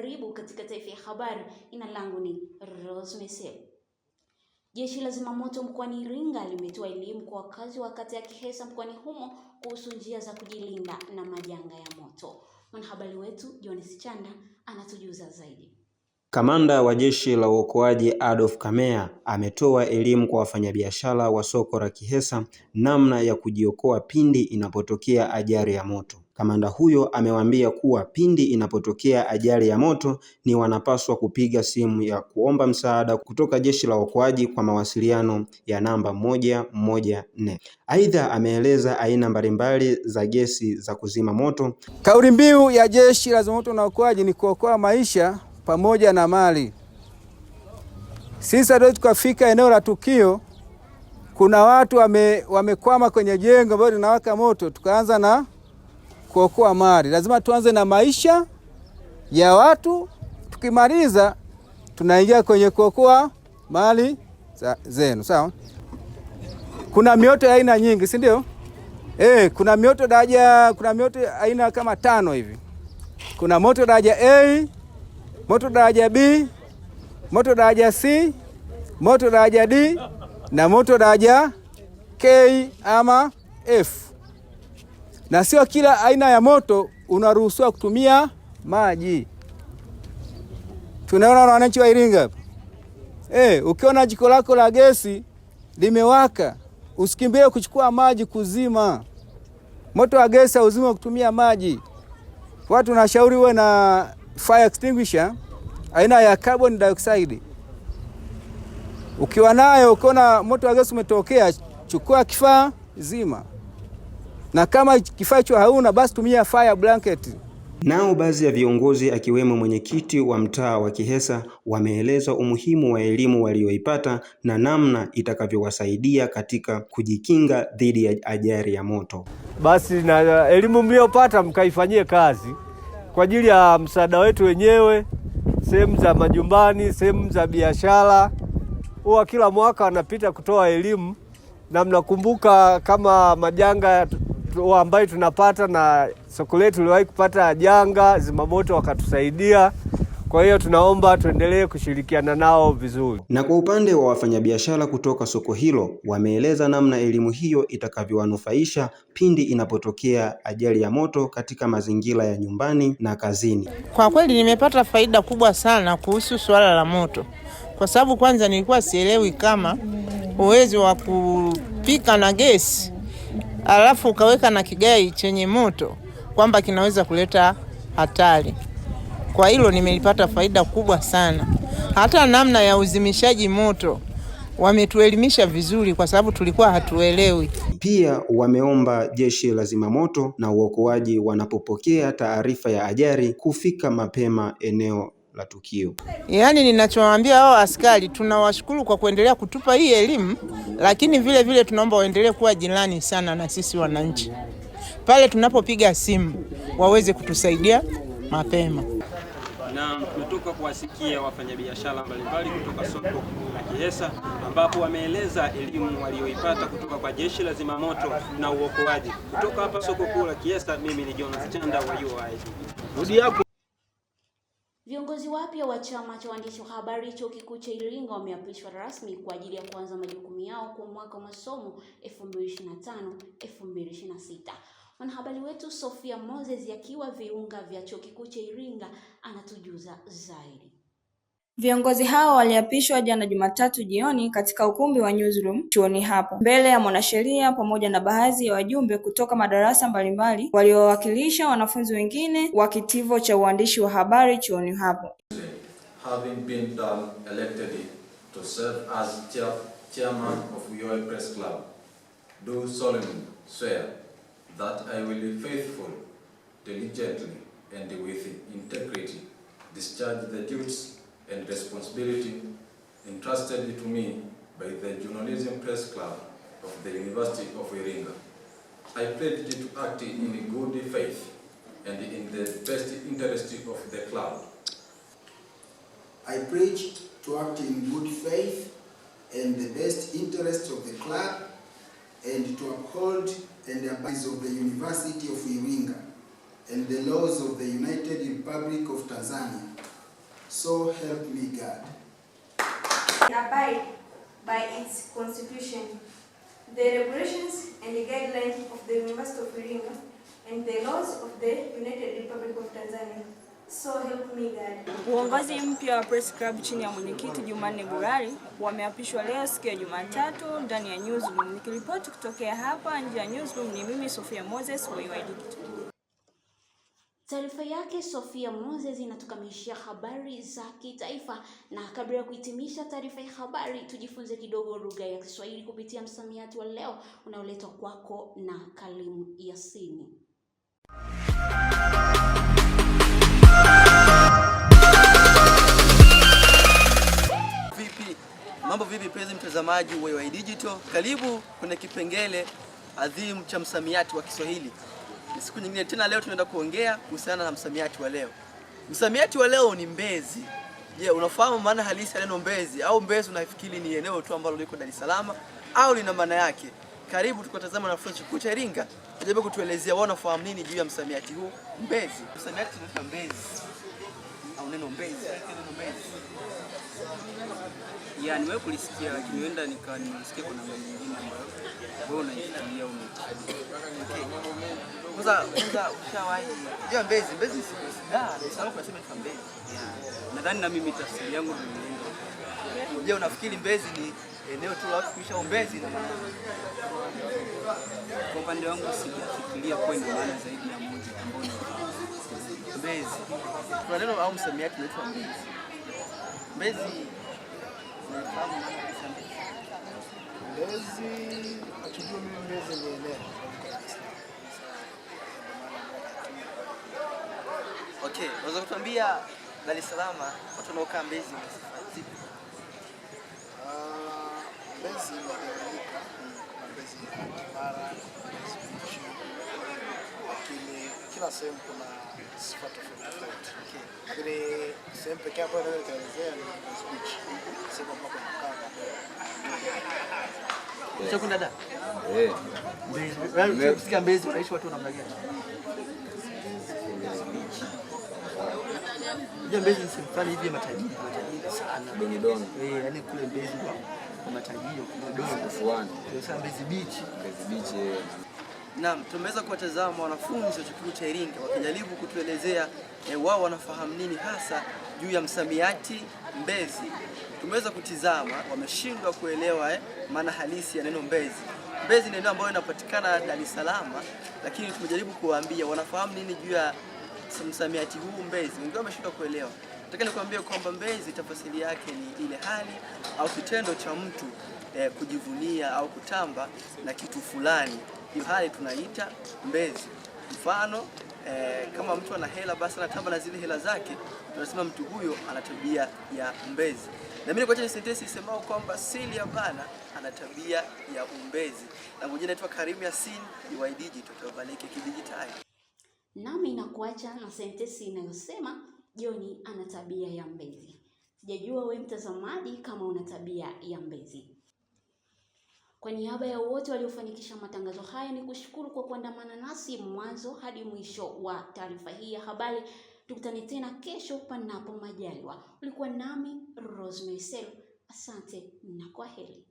Karibu katika Taifa ya Habari. Jina langu ni Rose Mese. Jeshi la Zimamoto mkoani Iringa limetoa elimu kwa wakazi wa kata ya Kihesa mkoani humo kuhusu njia za kujilinda na majanga ya moto. Mwanahabari wetu Jones Chanda anatujuza zaidi. Kamanda wa Jeshi la Uokoaji Adolf Kamea ametoa elimu kwa wafanyabiashara wa soko la Kihesa namna ya kujiokoa pindi inapotokea ajali ya moto. Kamanda huyo amewaambia kuwa pindi inapotokea ajali ya moto ni wanapaswa kupiga simu ya kuomba msaada kutoka Jeshi la Uokoaji kwa mawasiliano ya namba moja moja nne. Aidha, ameeleza aina mbalimbali za gesi za kuzima moto. Kauli mbiu ya Jeshi la Zimamoto na Uokoaji ni kuokoa maisha pamoja na mali. Sisi hatuwezi tukafika eneo la tukio, kuna watu wamekwama wame kwenye jengo ambalo linawaka moto, tukaanza na kuokoa mali, lazima tuanze na maisha ya watu. Tukimaliza tunaingia kwenye kuokoa mali zenu. Sawa, kuna mioto ya aina nyingi, si ndio? Eh, kuna mioto daraja, kuna mioto aina kama tano hivi. Kuna moto daraja A, moto daraja B, moto daraja C, moto daraja D na moto daraja K ama F na sio kila aina ya moto unaruhusiwa kutumia maji. Tunaona na wananchi wa Iringa eh, ukiona jiko lako la gesi limewaka usikimbie kuchukua maji kuzima moto wa gesi, hauzima wa kutumia maji. Watu nashauri uwe na fire extinguisher aina ya carbon dioxide. Ukiwa nayo ukiona moto wa gesi umetokea, chukua kifaa zima na kama kifaa hicho hauna basi tumia fire blanket. Nao baadhi ya viongozi akiwemo mwenyekiti wa mtaa wa Kihesa wameeleza umuhimu wa elimu walioipata na namna itakavyowasaidia katika kujikinga dhidi ya ajali ya moto. Basi na elimu mliyopata mkaifanyie kazi kwa ajili ya msaada wetu wenyewe, sehemu za majumbani, sehemu za biashara. Huwa kila mwaka wanapita kutoa elimu, na mnakumbuka kama majanga ambayo tunapata na soko letu tuliwahi kupata janga, zimamoto wakatusaidia. Kwa hiyo tunaomba tuendelee kushirikiana nao vizuri. Na kwa upande wa wafanyabiashara kutoka soko hilo, wameeleza namna elimu hiyo itakavyowanufaisha pindi inapotokea ajali ya moto katika mazingira ya nyumbani na kazini. Kwa kweli nimepata faida kubwa sana kuhusu suala la moto, kwa sababu kwanza nilikuwa sielewi kama uwezo wa kupika na gesi alafu ukaweka na kigai chenye moto kwamba kinaweza kuleta hatari. Kwa hilo nimelipata faida kubwa sana. Hata namna ya uzimishaji moto wametuelimisha vizuri, kwa sababu tulikuwa hatuelewi. Pia wameomba jeshi la zimamoto na uokoaji wanapopokea taarifa ya ajali kufika mapema eneo la tukio. Yaani, ninachowaambia hao askari, tunawashukuru kwa kuendelea kutupa hii elimu, lakini vile vile tunaomba waendelee kuwa jirani sana na sisi wananchi, pale tunapopiga simu waweze kutusaidia mapema. Na tumetoka kuwasikia wafanyabiashara mbalimbali kutoka soko la Kihesa ambapo wameeleza elimu walioipata kutoka kwa jeshi la zimamoto na uokoaji. Kutoka hapa soko kuu la Kihesa, mimi ni Jonas Chanda wa UoI. Rudi yako wapya wa chama cha waandishi wa habari chuo kikuu cha Iringa wameapishwa rasmi kwa ajili ya kuanza majukumu yao kwa mwaka wa masomo 2025 2026. Mwanahabari wetu Sofia Moses akiwa viunga vya chuo kikuu cha Iringa anatujuza zaidi. Viongozi hao waliapishwa jana Jumatatu jioni katika ukumbi wa newsroom chuoni hapo mbele ya mwanasheria pamoja na baadhi ya wajumbe kutoka madarasa mbalimbali waliowakilisha wanafunzi wengine wa kitivo cha uandishi wa habari chuoni hapo. having been done, elected to serve as chair, chairman of Uyoi Press Club, do solemnly swear that I will be faithful, diligently, and with integrity discharge the duties and responsibility entrusted to me by the Journalism Press Club of the University of Iringa. I pledge to act in good faith and in the best interest of the club I pledge to act in good faith and the best interests of the club and to uphold and abide of the University of Iringa and the laws of the United Republic of Tanzania. So help me God. Abide by its constitution, the regulations and the guidelines of the University of Iringa and the laws of the United Republic of Tanzania. So help me God. Uongozi mpya wa Press Club chini ya mwenyekiti Jumanne Burari wameapishwa leo siku ya Jumatatu ndani ya newsroom. Nikiripoti kutokea hapa nje ya newsroom ni mimi Sofia Moses wa UoI Digital. Taarifa yake Sofia Moses inatukamilishia habari za kitaifa, na kabla ya kuhitimisha taarifa ya habari, tujifunze kidogo lugha ya Kiswahili kupitia msamiati wa leo unaoletwa kwako na Kalimu Yasini. mtazamaji wa UoI Digital, karibu kwenye kipengele adhimu cha msamiati wa Kiswahili. Ni siku nyingine tena, leo tunaenda kuongea kuhusiana na msamiati wa leo. Msamiati wa leo ni mbezi. Je, yeah, unafahamu maana halisi ya neno mbezi au mbezi unafikiri ni eneo tu ambalo liko Dar es Salaam au lina maana yake? Karibu tukatazama na Chuo Kikuu cha Iringa ajaribu kutuelezea wao wanafahamu nini juu ya msamiati huu mbezi. Msamiati tunaita mbezi au neno mbezi, neno mbezi ya nimewahi kulisikia lakini huenda nikaa nimelisikia kwa namna nyingine ambayo wewe unaitumia unajua Mbezi Mbezi ah, Mbezi nadhani na mimi tafsiri yangu ndio je unafikiri Mbezi ni eneo tu la watu kuisha Mbezi na kwa upande wangu sijafikiria kwa ina maana zaidi ya moja ambao Mbezi kuna neno au msamiati unaitwa Mbezi Mbezi. Mbezi akijua mimi Mbezi nielewa. Okay, unaweza kutuambia Dar es Salaam watu wanaokaa Mbezi ni sifa zipi? Ah, Mbezi imegawanyika, kuna Mbezi Kimara, Mbezi Mbichi, lakini kila sehemu kuna sifa tofauti tofauti. Okay sehemu pekee ambayo naweza kuelezea ni speech, Mbezi unaishi watu namna gani? Unajua Mbezi ni sehemu fulani hivi matajiri sana eh, kule Mbezi kwa matajiri sasa Mbezi Beach, Mbezi Beach eh. Naam, tumeweza kuwatazama wanafunzi wa chuo kikuu cha Iringa wakijaribu kutuelezea eh, wao wanafahamu nini hasa juu ya msamiati mbezi. Tumeweza kutizama, wameshindwa kuelewa eh, maana halisi ya neno mbezi. Mbezi ni eneo ambayo inapatikana Dar es Salaam, lakini tumejaribu kuwaambia wanafahamu nini juu ya msamiati huu mbezi. Wengi wameshindwa kuelewa. Nataka nikwambie kwamba mbezi tafasiri yake ni ile hali au kitendo cha mtu eh, kujivunia au kutamba na kitu fulani. Hiyo hali tunaita mbezi. Mfano eh, kama mtu ana hela basi anatamba na zile hela zake, tunasema mtu huyo ana tabia ya mbezi Na mimi nikuacha sentensi isemao kwamba ya bana ana tabia ya umbezi, na mwingine anaitwa Karim Yasin, UoI Digital, tuwabalike kidijitali. Nami nakuacha na sentensi inayosema Joni ana tabia ya mbezi. Sijajua we mtazamaji kama una tabia ya mbezi. Kwa niaba ya wote waliofanikisha matangazo haya, ni kushukuru kwa kuandamana nasi mwanzo hadi mwisho wa taarifa hii ya habari. Tukutane tena kesho, panapo majaliwa. Ulikuwa nami Rosemary Sel, asante na kwaheri.